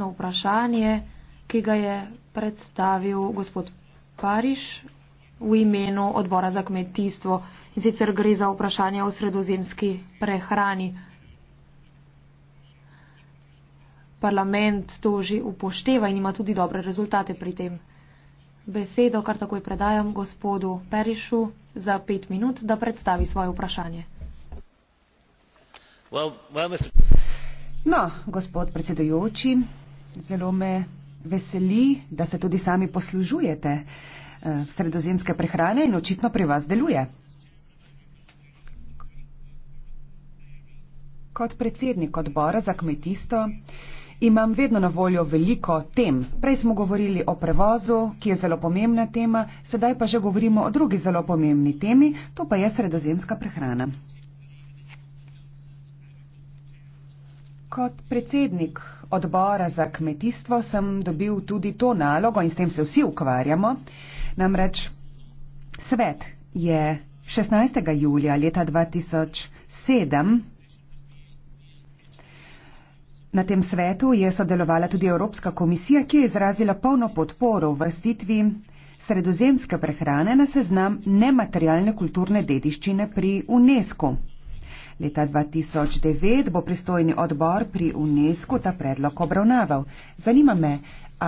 na vprašanje, ki ga je predstavil gospod Pariš v imenu odbora za kmetijstvo. In sicer gre za vprašanje o sredozemski prehrani. Parlament to že upošteva in ima tudi dobre rezultate pri tem. Besedo kar takoj predajam gospodu Perišu za pet minut, da predstavi svoje vprašanje. No, gospod predsedujoči, Zelo me veseli, da se tudi sami poslužujete eh, sredozemske prehrane in očitno pri vas deluje. Kot predsednik odbora za kmetijstvo imam vedno na voljo veliko tem. Prej smo govorili o prevozu, ki je zelo pomembna tema, sedaj pa že govorimo o drugi zelo pomembni temi, to pa je sredozemska prehrana. Kot predsednik odbora za kmetijstvo sem dobil tudi to nalogo in s tem se vsi ukvarjamo. Namreč svet je 16. julija leta 2007 na tem svetu je sodelovala tudi Evropska komisija, ki je izrazila polno podporo v vrstitvi sredozemske prehrane na seznam nematerialne kulturne dediščine pri UNESCO. Leta 2009 bo pristojni odbor pri UNESCO ta predlog obravnaval. Zanima me,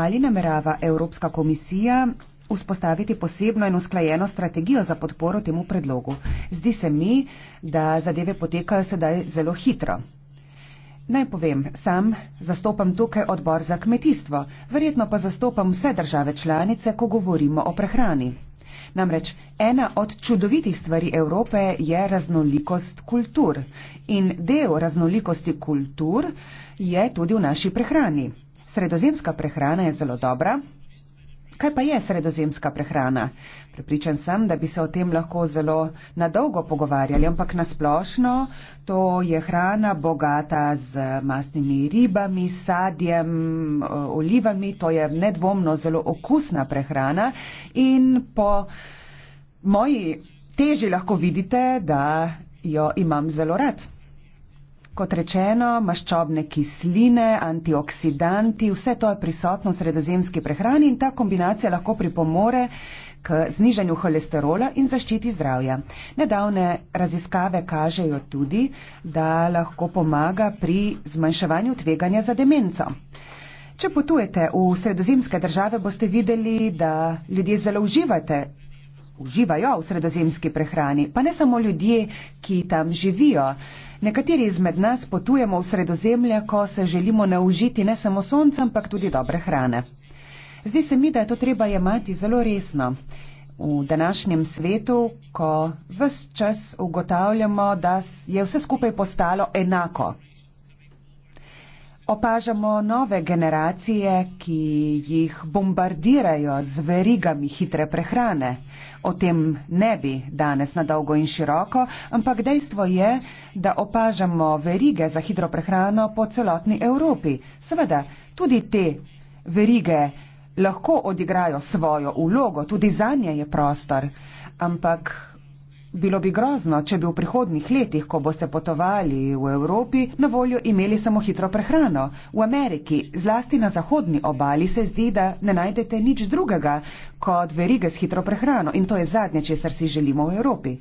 ali namerava Evropska komisija vzpostaviti posebno in usklajeno strategijo za podporo temu predlogu. Zdi se mi, da zadeve potekajo sedaj zelo hitro. Naj povem, sam zastopam tukaj odbor za kmetijstvo, verjetno pa zastopam vse države članice, ko govorimo o prehrani. Namreč ena od čudovitih stvari Evrope je raznolikost kultur in del raznolikosti kultur je tudi v naši prehrani. Sredozemska prehrana je zelo dobra, Kaj pa je sredozemska prehrana? Pripričan sem, da bi se o tem lahko zelo nadolgo pogovarjali, ampak nasplošno to je hrana bogata z masnimi ribami, sadjem, eh, olivami, to je nedvomno zelo okusna prehrana in po moji teži lahko vidite, da jo imam zelo rad. Kot rečeno, maščobne kisline, antioksidanti, vse to je prisotno v sredozemski prehrani in ta kombinacija lahko pripomore k znižanju holesterola in zaščiti zdravja. Nedavne raziskave kažejo tudi, da lahko pomaga pri zmanjševanju tveganja za demenco. Če potujete v sredozemske države, boste videli, da ljudje zelo uživate uživajo v sredozemski prehrani, pa ne samo ljudje, ki tam živijo. Nekateri izmed nas potujemo v sredozemlje, ko se želimo naužiti ne samo sonca, ampak tudi dobre hrane. Zdi se mi, da je to treba jemati zelo resno. V današnjem svetu, ko vse čas ugotavljamo, da je vse skupaj postalo enako, Opažamo nove generacije, ki jih bombardirajo z verigami hitre prehrane. O tem ne bi danes na dolgo in široko, ampak dejstvo je, da opažamo verige za hitro prehrano po celotni Evropi. Seveda, tudi te verige lahko odigrajo svojo ulogo, tudi za nje je prostor, ampak Bilo bi grozno, če bi v prihodnih letih, ko boste potovali v Evropi, na voljo imeli samo hitro prehrano. V Ameriki, zlasti na zahodni obali, se zdi, da ne najdete nič drugega kot verige s hitro prehrano in to je zadnje, česar si želimo v Evropi.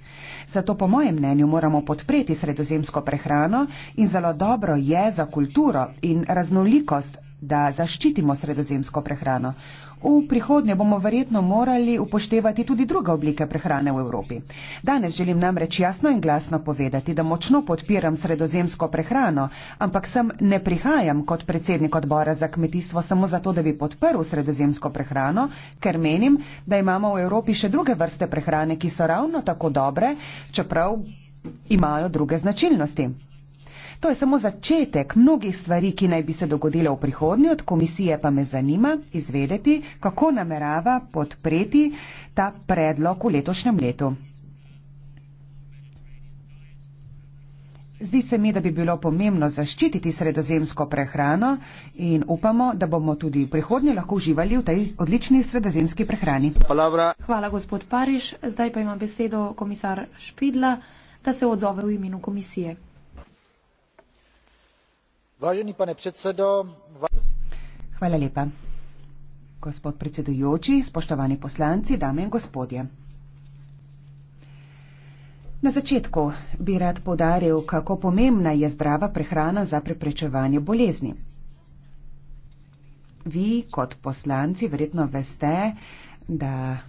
Zato po mojem mnenju moramo podpreti sredozemsko prehrano in zelo dobro je za kulturo in raznolikost, da zaščitimo sredozemsko prehrano. V prihodnje bomo verjetno morali upoštevati tudi druge oblike prehrane v Evropi. Danes želim namreč jasno in glasno povedati, da močno podpiram sredozemsko prehrano, ampak sem ne prihajam kot predsednik odbora za kmetijstvo samo zato, da bi podprl sredozemsko prehrano, ker menim, da imamo v Evropi še druge vrste prehrane, ki so ravno tako dobre, čeprav imajo druge značilnosti. To je samo začetek mnogih stvari, ki naj bi se dogodile v prihodnje, od komisije pa me zanima izvedeti, kako namerava podpreti ta predlog v letošnjem letu. Zdi se mi, da bi bilo pomembno zaščititi sredozemsko prehrano in upamo, da bomo tudi v prihodnje lahko uživali v tej odlični sredozemski prehrani. Hvala, gospod Pariš. Zdaj pa ima besedo komisar Špidla, da se odzove v imenu komisije. Vážený pane predsedo, vás... Hvala lepa. Gospod predsedujoči, spoštovani poslanci, dame in gospodje. Na začetku bi rad podaril, kako pomembna je zdrava prehrana za preprečevanje bolezni. Vi kot poslanci verjetno veste, da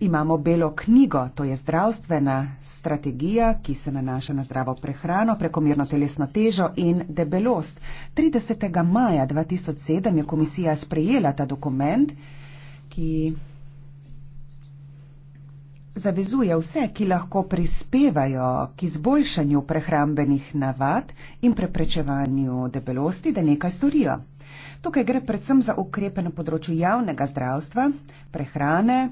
Imamo belo knjigo, to je zdravstvena strategija, ki se nanaša na zdravo prehrano, prekomerno telesno težo in debelost. 30. maja 2007 je komisija sprejela ta dokument, ki zavezuje vse, ki lahko prispevajo k izboljšanju prehrambenih navad in preprečevanju debelosti, da nekaj storijo. Tukaj gre predvsem za ukrepe na področju javnega zdravstva, prehrane,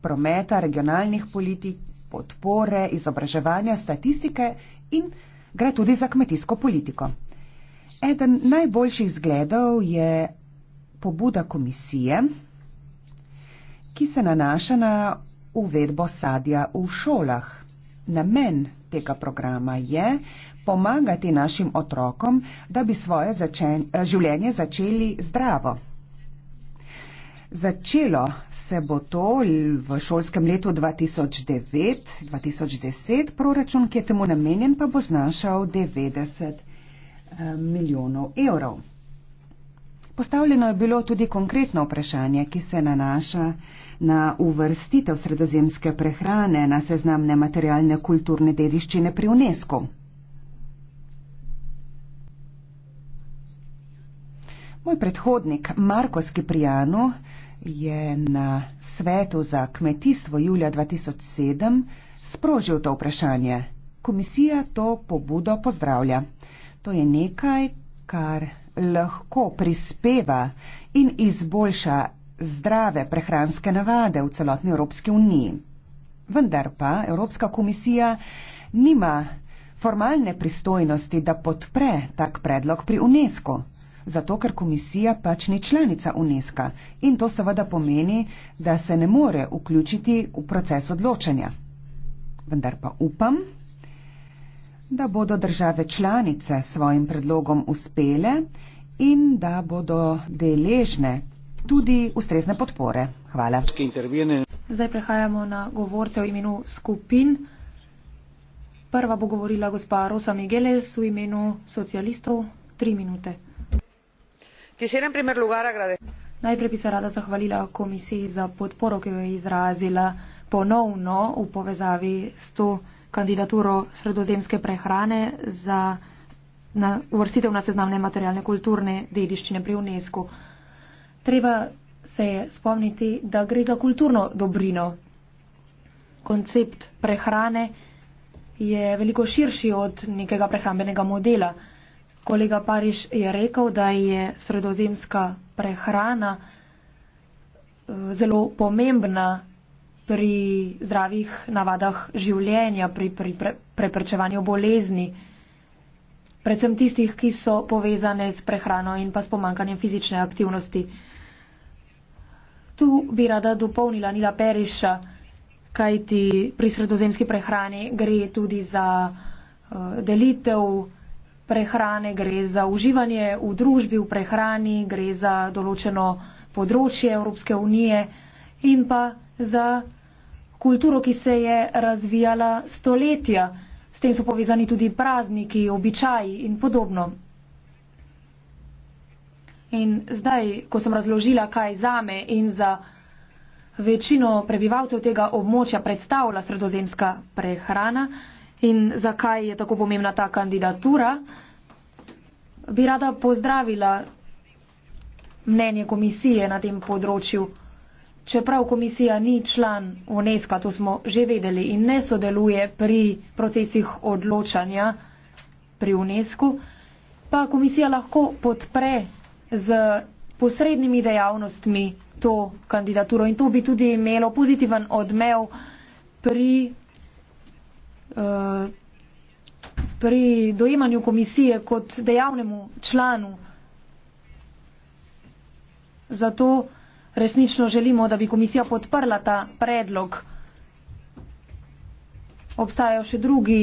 prometa, regionalnih politik, podpore, izobraževanja, statistike in gre tudi za kmetijsko politiko. Eden najboljših zgledov je pobuda komisije, ki se nanaša na uvedbo sadja v šolah. Namen tega programa je pomagati našim otrokom, da bi svoje začen, življenje začeli zdravo. Začelo se bo to v šolskem letu 2009-2010, proračun, ki je temu namenjen, pa bo znašal 90 eh, milijonov evrov. Postavljeno je bilo tudi konkretno vprašanje, ki se nanaša na uvrstitev sredozemske prehrane na seznamne materialne kulturne dediščine pri UNESCO. Moj predhodnik Marko Skiprijano je na svetu za kmetijstvo julija 2007 sprožil to vprašanje. Komisija to pobudo pozdravlja. To je nekaj, kar lahko prispeva in izboljša zdrave prehranske navade v celotni Evropski uniji. Vendar pa Evropska komisija nima formalne pristojnosti, da podpre tak predlog pri UNESCO zato ker komisija pač ni članica UNESCO in to seveda pomeni, da se ne more vključiti v proces odločanja. Vendar pa upam, da bodo države članice svojim predlogom uspele in da bodo deležne tudi ustrezne podpore. Hvala. Zdaj prehajamo na govorce v imenu skupin. Prva bo govorila gospa Rosa Migeles v imenu socialistov. Tri minute. Quisiera en primer lugar agradecer. Najprej bi se rada zahvalila komisiji za podporo, ki jo je izrazila ponovno v povezavi s to kandidaturo sredozemske prehrane za uvrstitev na seznamne materialne kulturne dediščine pri UNESCO. Treba se je spomniti, da gre za kulturno dobrino. Koncept prehrane je veliko širši od nekega prehrambenega modela. Kolega Pariš je rekel, da je sredozemska prehrana eh, zelo pomembna pri zdravih navadah življenja, pri, pri preprečevanju bolezni, predvsem tistih, ki so povezane s prehrano in pa s pomankanjem fizične aktivnosti. Tu bi rada dopolnila Nila Periša, kajti pri sredozemski prehrani gre tudi za eh, delitev prehrane, gre za uživanje v družbi, v prehrani, gre za določeno področje Evropske unije in pa za kulturo, ki se je razvijala stoletja. S tem so povezani tudi prazniki, običaji in podobno. In zdaj, ko sem razložila, kaj zame in za večino prebivalcev tega območja predstavlja sredozemska prehrana, in zakaj je tako pomembna ta kandidatura, bi rada pozdravila mnenje komisije na tem področju. Čeprav komisija ni član UNESCO, to smo že vedeli, in ne sodeluje pri procesih odločanja pri UNESCO, pa komisija lahko podpre z posrednimi dejavnostmi to kandidaturo in to bi tudi imelo pozitiven odmev pri Eh, pri dojemanju komisije kot dejavnemu članu. Zato resnično želimo, da bi komisija podprla ta predlog. Obstajajo še drugi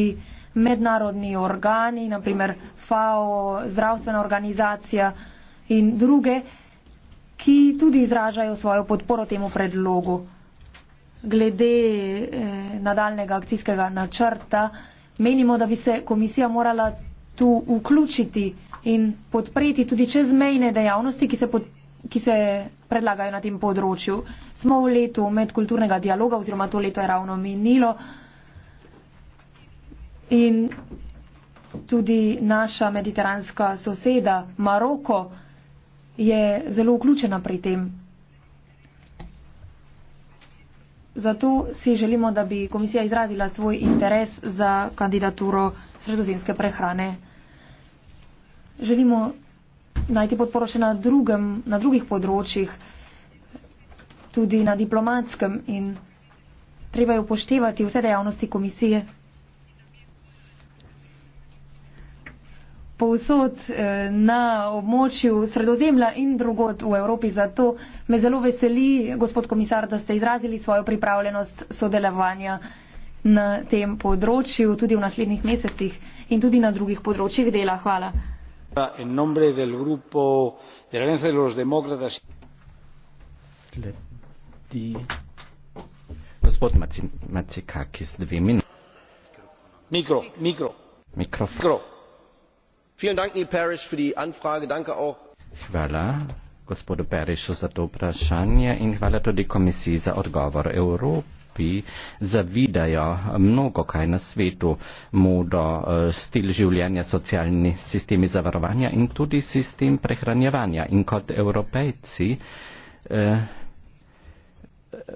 mednarodni organi, naprimer FAO, zdravstvena organizacija in druge, ki tudi izražajo svojo podporo temu predlogu glede eh, nadaljnega akcijskega načrta. Menimo, da bi se komisija morala tu vključiti in podpreti tudi čezmejne dejavnosti, ki se, pod, ki se predlagajo na tem področju. Smo v letu medkulturnega dialoga, oziroma to leto je ravno minilo. In tudi naša mediteranska soseda Maroko je zelo vključena pri tem. Zato si želimo, da bi komisija izrazila svoj interes za kandidaturo sredozemske prehrane. Želimo najti podporo še na, drugem, na drugih področjih, tudi na diplomatskem in treba je upoštevati vse dejavnosti komisije. povsod eh, na območju sredozemlja in drugod v Evropi. Zato me zelo veseli, gospod komisar, da ste izrazili svojo pripravljenost sodelovanja na tem področju, tudi v naslednjih mesecih in tudi na drugih področjih dela. Hvala. Gospod Macikakis, dve minuti. Mikro, mikro. Mikrofon. Mikro hvala gospodu perisu za to vprašanje in hvala tudi komisiji za odgovor evropi zavidajo mnogokaj na svetu modo eh, stil življenja socialni sistemi zavarovanja in tudi sistem prehranjevanja in kot evropejci eh,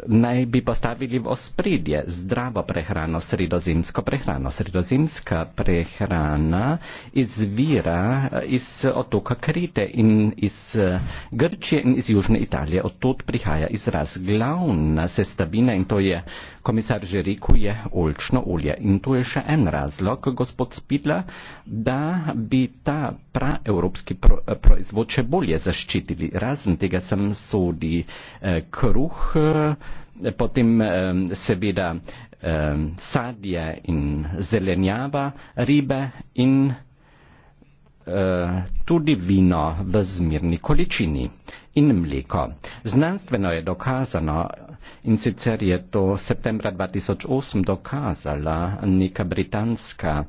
naj bi postavili v ospredje zdravo prehrano, sredozimsko prehrano. Sredozimska prehrana izvira eh, iz otoka Krite in iz eh, Grčije in iz Južne Italije. Od tod prihaja izraz glavna sestavina in to je komisar že rekel, je olčno olje. In to je še en razlog, gospod Spidla, da bi ta praevropski pro, eh, proizvod še bolje zaščitili. Razen tega sem sodi eh, kruh, eh, potem eh, seveda eh, sadje in zelenjava, ribe in eh, tudi vino v zmirni količini in mleko. Znanstveno je dokazano, In sicer je to septembra 2008 dokazala neka britanska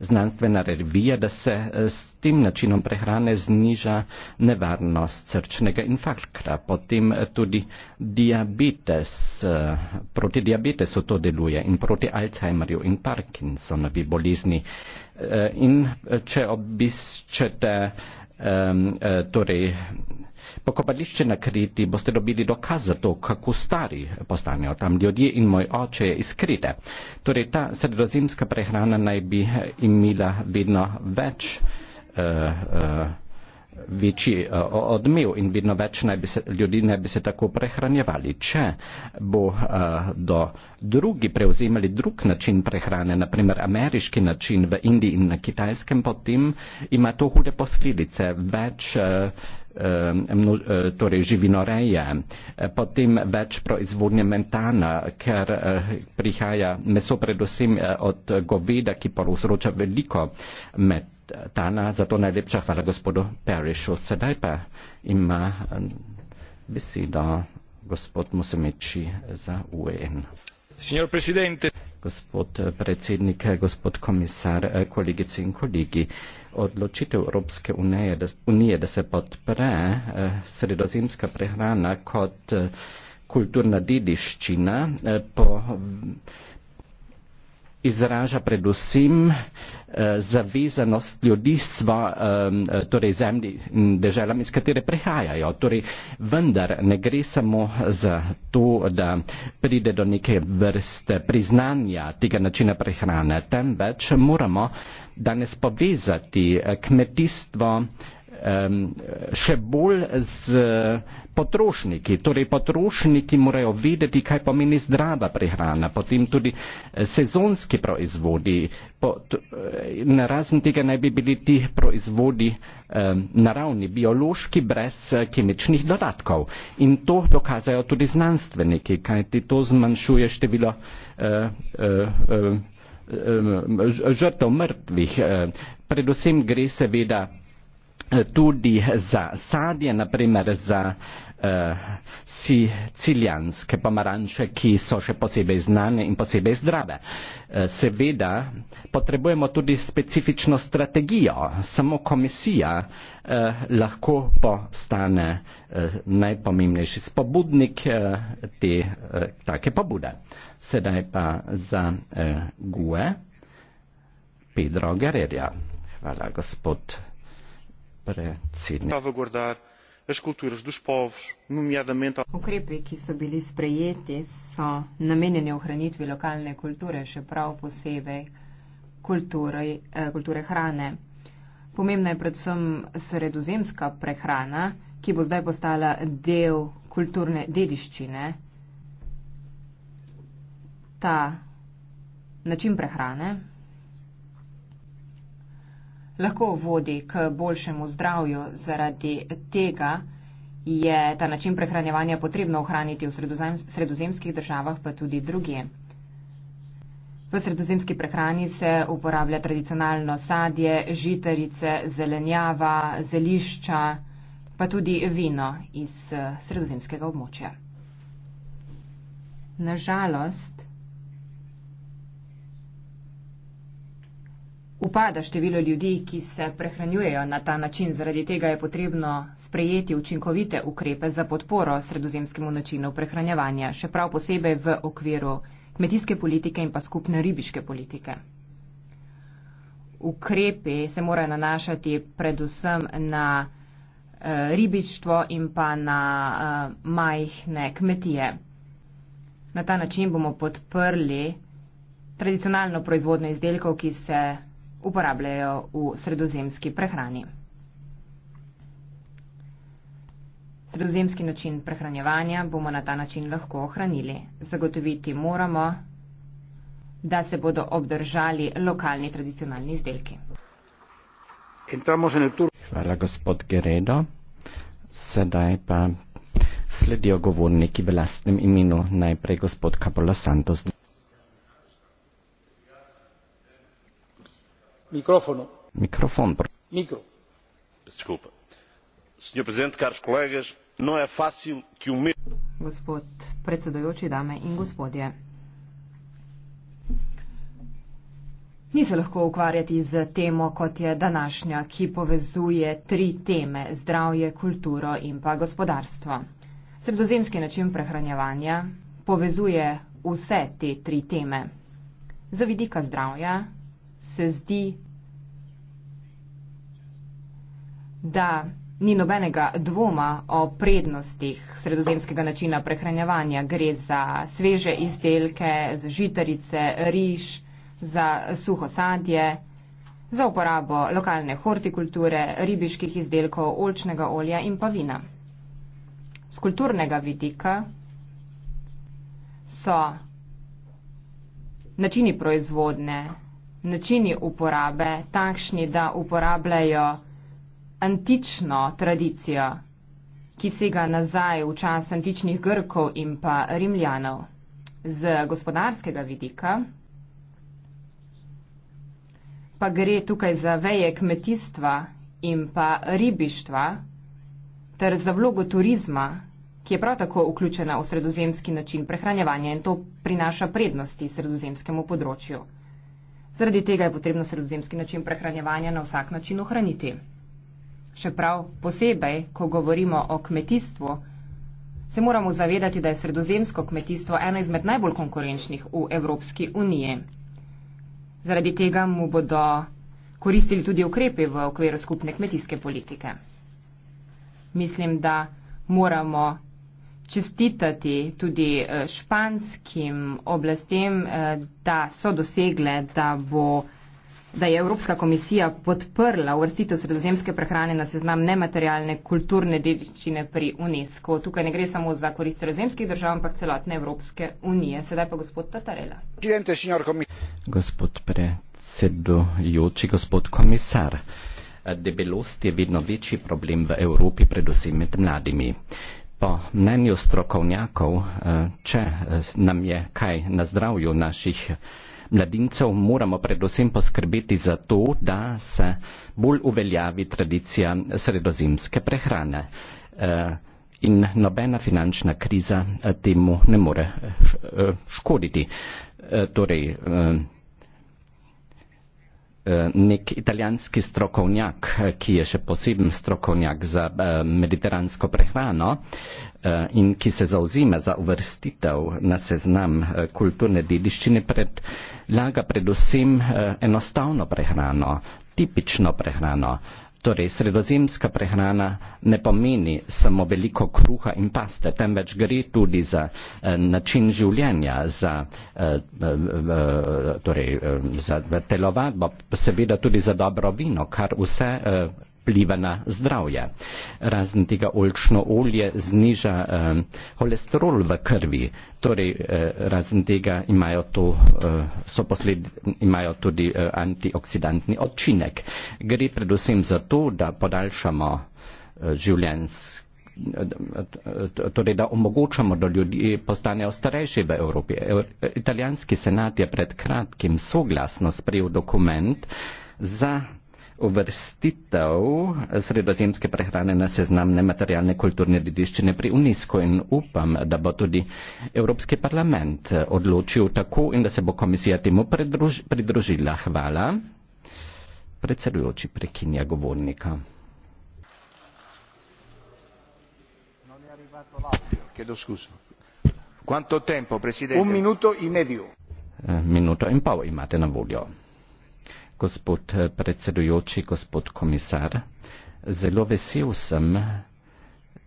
znanstvena revija, da se eh, s tem načinom prehrane zniža nevarnost srčnega infarkta. Potem eh, tudi diabetes, eh, proti diabetesu to deluje in proti Alzheimerju in Parkinsonovi bolezni. In če obiščete um, torej, Pokopališče na Kriti boste dobili dokaz za to, kako stari postanejo tam ljudje in moj oče je iz Krite. Torej, ta sredozimska prehrana naj bi imela vedno več uh, uh, večji eh, odmev in vedno več bi se, ljudi ne bi se tako prehranjevali. Če bo eh, do drugi prevzemali drug način prehrane, naprimer ameriški način v Indiji in na Kitajskem, potem ima to hude posledice. Več eh, torej živinoreje, potem več proizvodnje mentana, ker prihaja meso predvsem od goveda, ki porozroča veliko med dana, zato naj bi prehvala gospodu Parrishu. Sedaj pa ima eh, besedo gospod Musemeči za UN. E gospod eh, predsednik, eh, gospod komisar, kolegice in kolegi, odločitev Evropske unije, da, unije, da se podpre sredozemska prehrana kot kulturna dediščina po izraža predvsem eh, zavezanost ljudi sva, eh, torej zemlji in deželam, iz katere prehajajo. Torej, vendar ne gre samo za to, da pride do neke vrste priznanja tega načina prehrane, temveč moramo danes povezati eh, kmetijstvo še bolj z eh, potrošniki. Torej, potrošniki morajo vedeti, kaj pomeni zdrava prehrana, potem tudi eh, sezonski proizvodi. Eh, na razen tega naj bi bili ti proizvodi naravni, biološki, brez kemičnih dodatkov. In to dokazajo tudi znanstveniki, kaj ti to zmanjšuje število žrtev mrtvih. Predvsem gre seveda Eh, tudi za sadje, naprimer za uh, sicilijanske pomaranče, ki so še posebej znane in posebej zdrave. Uh, seveda potrebujemo tudi specifično strategijo, samo komisija uh, lahko postane uh, najpomembnejši spobudnik uh, te uh, take pobude. Sedaj pa za uh, GUE Pedro Gererja. Hvala, gospod predsednik. Ukrepi, ki so bili sprejeti, so namenjeni ohranitvi lokalne kulture, še prav posebej kulture, eh, kulture hrane. Pomembna je predvsem sredozemska prehrana, ki bo zdaj postala del kulturne dediščine. Ta način prehrane lahko vodi k boljšemu zdravju. Zaradi tega je ta način prehranjevanja potrebno ohraniti v sredozemskih državah, pa tudi druge. V sredozemski prehrani se uporablja tradicionalno sadje, žitarice, zelenjava, zelišča, pa tudi vino iz eh, sredozemskega območja. Nažalost, upada število ljudi, ki se prehranjujejo na ta način. Zaradi tega je potrebno sprejeti učinkovite ukrepe za podporo sredozemskemu načinu prehranjevanja, še prav posebej v okviru kmetijske politike in pa skupne ribiške politike. Ukrepi se morajo nanašati predvsem na eh, ribištvo in pa na eh, majhne kmetije. Na ta način bomo podprli tradicionalno proizvodno izdelkov, ki se uporabljajo v sredozemski prehrani. Sredozemski način prehranjevanja bomo na ta način lahko ohranili. Zagotoviti moramo, da se bodo obdržali lokalni tradicionalni izdelki. Hvala, gospod Geredo. Sedaj pa sledijo govorniki v lastnem imenu. Najprej gospod Kapolo Santos. senhor presidente caros colegas não é fácil que o mesmo. Ni se lahko ukvarjati z temo, kot je današnja, ki povezuje tri teme - zdravje, kulturo in pa gospodarstvo. Sredozemski način prehranjevanja povezuje vse te tri teme. Za vidika zdravja se zdi, da ni nobenega dvoma o prednostih sredozemskega načina prehranjevanja. Gre za sveže izdelke, za žitarice, riž, za suho sadje, za uporabo lokalne hortikulture, ribiških izdelkov, olčnega olja in pa vina. Z kulturnega vidika so načini proizvodne načini uporabe takšni, da uporabljajo antično tradicijo, ki sega nazaj v čas antičnih Grkov in pa Rimljanov. Z gospodarskega vidika pa gre tukaj za veje kmetijstva in pa ribištva ter za vlogo turizma, ki je prav tako vključena v sredozemski način prehranjevanja in to prinaša prednosti sredozemskemu področju. Zaradi tega je potrebno sredozemski način prehranjevanja na vsak način ohraniti. Še prav posebej, ko govorimo o kmetijstvu, se moramo zavedati, da je sredozemsko kmetijstvo ena izmed najbolj konkurenčnih v Evropski uniji. Zaradi tega mu bodo koristili tudi ukrepi v okviru skupne kmetijske politike. Mislim, da moramo čestitati tudi eh, španskim oblastem, eh, da so dosegle, da, bo, da je Evropska komisija podprla uvrstitev sredozemske prehrane na seznam nematerialne kulturne dediščine pri UNESCO. Tukaj ne gre samo za korist sredozemskih držav, ampak celotne Evropske unije. Sedaj pa gospod Tatarela. Gospod predsedujoči, gospod komisar. Debelost je vedno večji problem v Evropi, predvsem med mladimi. Po mnenju strokovnjakov, eh, če eh, nam je kaj na zdravju naših eh, mladincev, moramo predvsem poskrbeti za to, da se bolj uveljavi tradicija sredozimske prehrane. In nobena finančna kriza temu ne more škoditi. Torej, Eh, nek italijanski strokovnjak, eh, ki je še poseben strokovnjak za eh, mediteransko prehrano in ki se zauzima za uvrstitev na seznam kulturne dediščine, predlaga predvsem enostavno prehrano, tipično prehrano. Torej, sredozemska prehrana ne pomeni samo veliko kruha in paste, temveč gre tudi za eh, način življenja, za, eh, eh, eh torej, eh, za telovadbo, seveda tudi za dobro vino, kar vse. Eh, vpliva na zdravje. Razen tega olčno olje zniža eh, holesterol v krvi, torej eh, razen tega imajo, to, eh, so posled, imajo tudi eh, antioksidantni odčinek. Gre predvsem za to, da podaljšamo eh, življenjski torej da omogočamo, da ljudje postanejo starejši v Evropi. Italijanski senat je pred kratkim soglasno sprejel dokument za uvrstitev sredozemske prehrane na seznam nematerialne kulturne dediščine pri UNESCO in upam, da bo tudi Evropski parlament eh, odločil tako in da se bo komisija temu pridruž pridružila. Hvala. Predsedujoči prekinja govornika. Un minuto in e medio. Eh, minuto in pol imate na voljo gospod eh, predsedujoči, gospod komisar. Zelo vesel sem,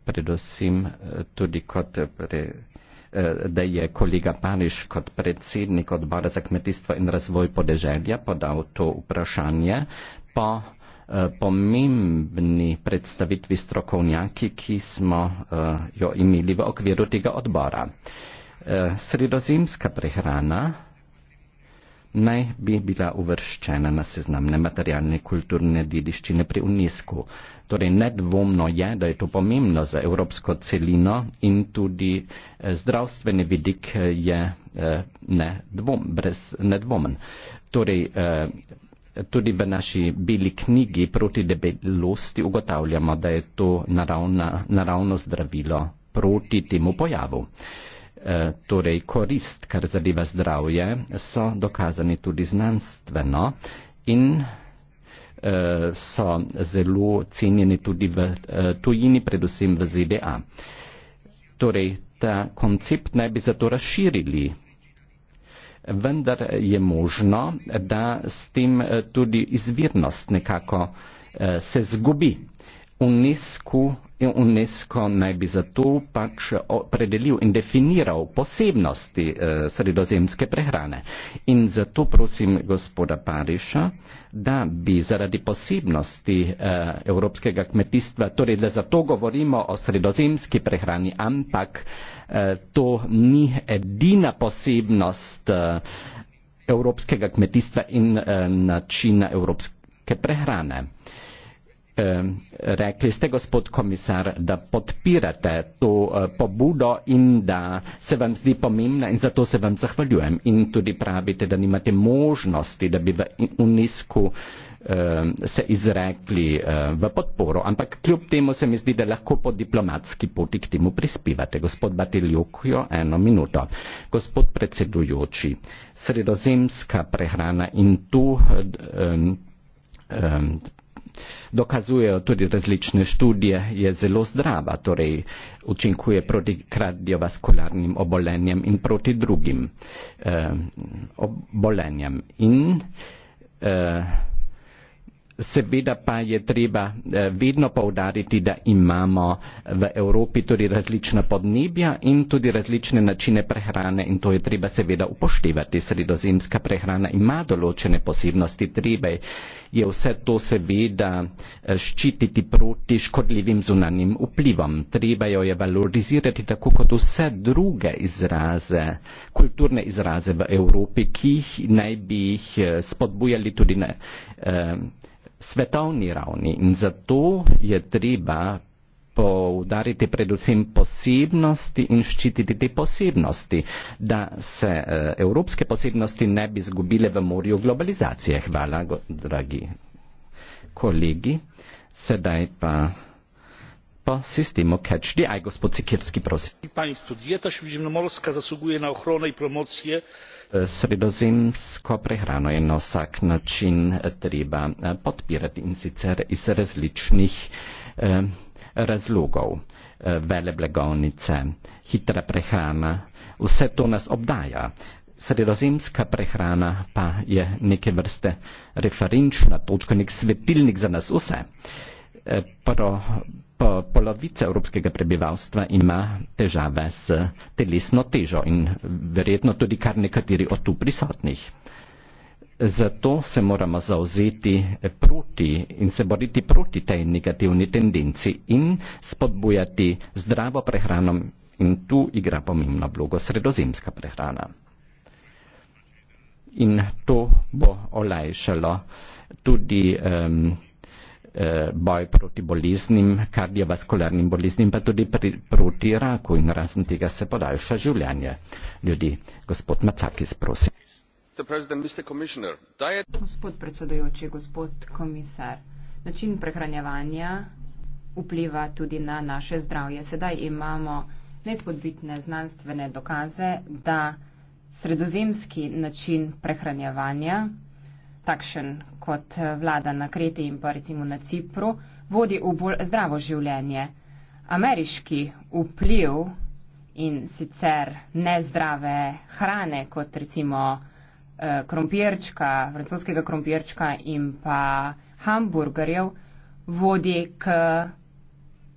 predvsem eh, tudi kot eh, pre, da je kolega Paniš kot predsednik odbora za kmetijstvo in razvoj podeželja podal to vprašanje po pomembni predstavitvi strokovnjaki, ki smo jo imeli v okviru tega odbora. Sredozemska prehrana ne bi bila uvrščena na seznam nematerialne kulturne dediščine pri UNESCO. Torej nedvomno je, da je to pomembno za evropsko celino in tudi eh, zdravstveni vidik eh, je eh, nedvom, brez nedvomen. Torej, tudi v naši beli knjigi proti debelosti ugotavljamo, da je to naravna, naravno zdravilo proti temu pojavu. Eh, torej korist, kar zadeva zdravje, so dokazani tudi znanstveno in eh, so zelo cenjeni tudi v eh, tujini, predvsem v ZDA. Torej, ta koncept naj bi zato razširili, vendar je možno, da s tem tudi izvirnost nekako se zgubi. UNESCO, UNESCO naj bi zato pač opredelil in definiral posebnosti eh, sredozemske prehrane. In zato prosim gospoda Pariša, da bi zaradi posebnosti eh, evropskega kmetijstva, torej da zato govorimo o sredozemski prehrani, ampak eh, to ni edina posebnost eh, evropskega kmetijstva in eh, načina evropske prehrane rekli ste, gospod komisar, da podpirate to eh, pobudo in da se vam zdi pomembna in zato se vam zahvaljujem. In tudi pravite, da nimate možnosti, da bi v UNISKU se izrekli eh, v podporo, ampak kljub temu se mi zdi, da lahko po diplomatski poti k temu prispevate. Gospod Batiljukjo, eno minuto. Gospod predsedujoči, sredozemska prehrana in tu Dokazujejo tudi različne študije, je zelo zdrava, torej učinkuje proti kardiovaskularnim obolenjem in proti drugim eh, obolenjem. In eh, Seveda pa je treba eh, vedno povdariti, da imamo v Evropi tudi različna podnebja in tudi različne načine prehrane in to je treba seveda upoštevati. Sredozemska prehrana ima določene posebnosti, treba je vse to seveda eh, ščititi proti škodljivim zunanjim vplivom. Treba jo je valorizirati tako kot vse druge izraze, kulturne izraze v Evropi, ki jih naj bi jih eh, spodbujali tudi na, svetovni ravni in zato je treba poudariti predvsem posebnosti in ščititi te posebnosti, da se eh, evropske posebnosti ne bi zgubile v morju globalizacije. Hvala, dragi kolegi. Sedaj pa po sistemu Catch the Eye, gospod Sikirski, prosim. Panie studijeta, Śródziemnomorska zasługuje na ochronę i promocję Sredozemsko prehrano je na vsak način eh, treba eh, podpirati in sicer iz različnih eh, razlogov. Vele blagovnice, hitra prehrana, vse to nas obdaja. Sredozemska prehrana pa je neke vrste referenčna točka, nek svetilnik za nas vse. Uh, Eh, pro, po polovice evropskega prebivalstva ima težave s telesno težo in verjetno tudi kar nekateri od tu prisotnih. Zato se moramo zauzeti eh, proti in se boriti proti tej negativni tendenci in spodbujati zdravo prehrano in tu igra pomembno vlogo sredozemska prehrana. In to bo olajšalo tudi um, Eh, boj proti boliznim, kardiovaskularnim boliznim, pa tudi pri, proti raku in razen tega se podaljša življenje ljudi. Gospod Macakis, prosim. Gospod predsedujoči, gospod komisar, način prehranjevanja vpliva tudi na naše zdravje. Sedaj imamo nespodbitne znanstvene dokaze, da sredozemski način prehranjevanja, takšen, kot eh, vlada na Kreti in pa recimo na Cipru, vodi v bolj zdravo življenje. Ameriški vpliv in sicer nezdrave hrane, kot recimo eh, krompirčka, francoskega krompirčka in pa hamburgerjev, vodi k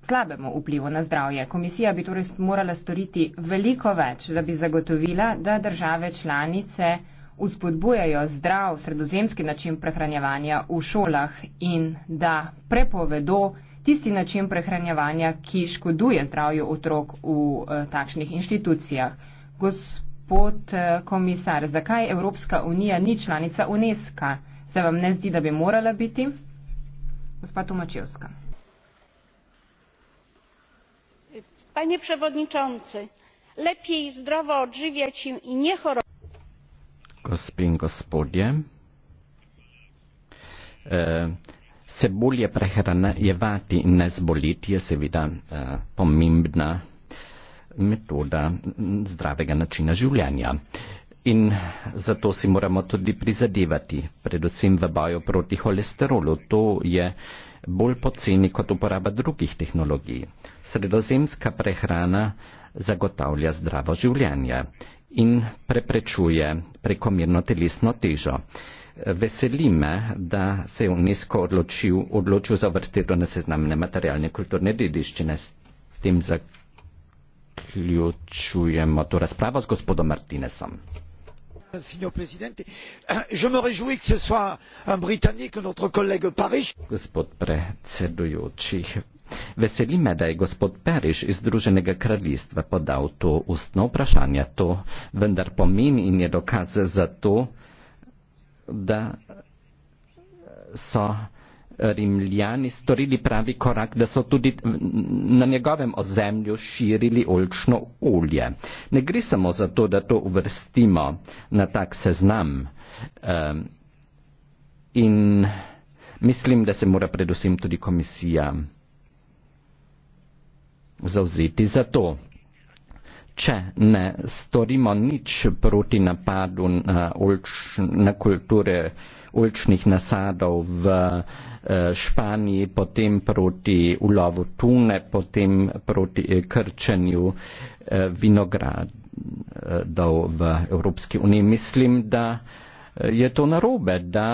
slabemu vplivu na zdravje. Komisija bi torej morala storiti veliko več, da bi zagotovila, da države članice vzpodbujajo zdrav sredozemski način prehranjevanja v šolah in da prepovedo tisti način prehranjevanja, ki škoduje zdravju otrok v eh, takšnih inštitucijah. Gospod eh, komisar, zakaj Evropska unija ni članica UNESCO? Se vam ne zdi, da bi morala biti? Gospa Tomačevska. Panie przewodniczący, lepiej zdrowo odżywiać się i nie chorować. Gospi in gospodje, eh, se bolje prehranjevati in ne zboliti je seveda eh, pomembna metoda zdravega načina življenja. In zato si moramo tudi prizadevati, predvsem v boju proti holesterolu. To je bolj poceni kot uporaba drugih tehnologij. Sredozemska prehrana zagotavlja zdravo življenje in preprečuje prekomirno telesno težo. Veseli me, da se je UNESCO odločil, odločil za vrstitev na seznam nematerialne kulturne dediščine. S tem zaključujemo to razpravo s gospodom Martinesom. Signor Presidente, je me réjouis que ce soit un Britannique, notre collègue Paris. Gospod predsedujoči, Veseli me, da je gospod Periš iz Združenega kraljestva podal to ustno vprašanje. To vendar pomeni in je dokaz za to, da so rimljani storili pravi korak, da so tudi na njegovem ozemlju širili olčno olje. Ne gre samo za to, da to uvrstimo na tak seznam. Ehm, in mislim, da se mora predvsem tudi komisija zauzeti za to. Če ne storimo nič proti napadu na, ulč, na kulture ulčnih nasadov v eh, Španiji, potem proti ulovu tune, potem proti eh, krčenju eh, vinogradov v Evropski uniji. Mislim, da je to narobe, da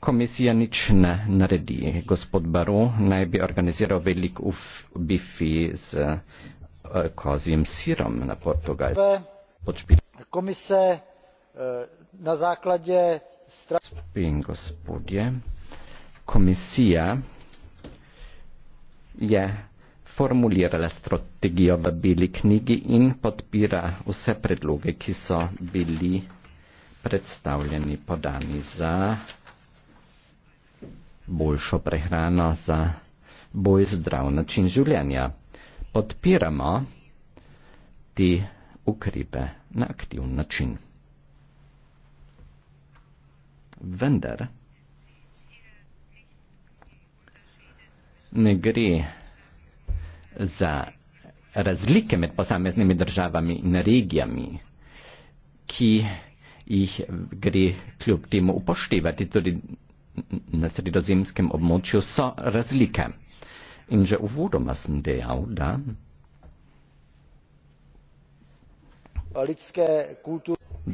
komisija nič ne naredi. Gospod Baru naj bi organiziral velik uf bifi z uh, kozjim sirom na Portugalski. Komise uh, na základě strah... Gospodin, gospodje, komisija je formulirala strategijo v beli knjigi in podpira vse predloge, ki so bili predstavljeni podani za boljšo prehrano, za bolj zdrav način življenja. Podpiramo ti ukrepe na aktivn način. Vendar ne gre za razlike med posameznimi državami in regijami, ki jih gre kljub temu upoštevati tudi na sredozemskem območju so razlike. In že uvodoma sem dejal, da.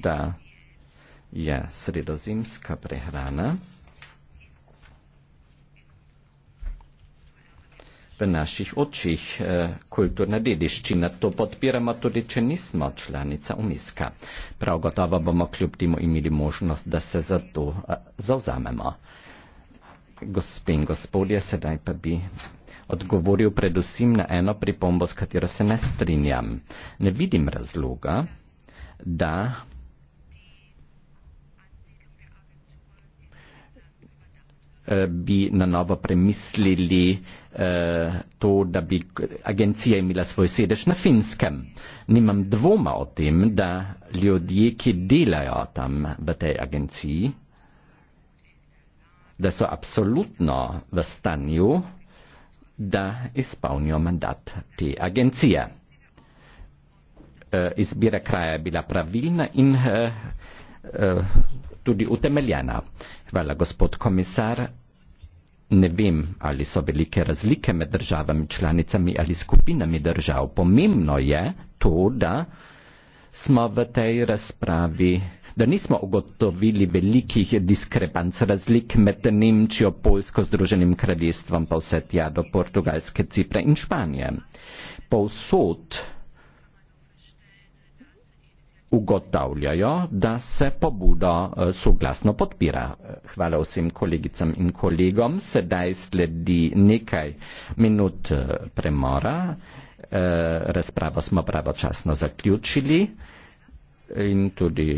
da je sredozemska prehrana v naših očih eh, kulturna dediščina. To podpiramo tudi, če nismo članica UNESCO. Prav gotovo bomo kljub temu imeli možnost, da se za to eh, zauzamemo. Gospe in gospodje, sedaj pa bi odgovoril predvsem na eno pripombo, s katero se ne strinjam. Ne vidim razloga, da Eh, bi na novo premislili eh, to, da bi agencija imela svoj sedež na finskem. Nimam dvoma o tem, da ljudje, ki delajo tam v tej agenciji, da so absolutno v stanju, da izpolnijo mandat te agencije. Eh, izbira kraja je bila pravilna in tudi utemeljena. Hvala, gospod komisar. Ne vem, ali so velike razlike med državami članicami ali skupinami držav. Pomembno je to, da smo v tej razpravi, da nismo ugotovili velikih diskrepanc razlik med Nemčijo, Poljsko, Združenim kraljestvom, pa vse tja do Portugalske, Cipra in Španije. Povsod, ugotavljajo, da se pobudo eh, soglasno podpira. Hvala vsem kolegicam in kolegom. Sedaj sledi nekaj minut eh, premora. Eh, razpravo smo pravočasno zaključili in tudi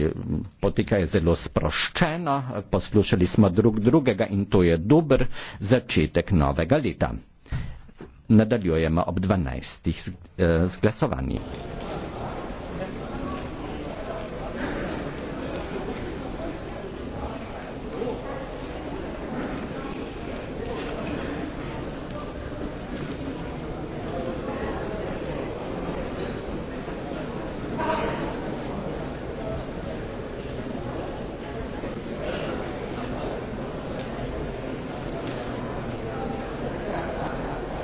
poteka je zelo sproščeno. Poslušali smo drug drugega in to je dober začetek novega leta. Nadaljujemo ob 12. z glasovanji.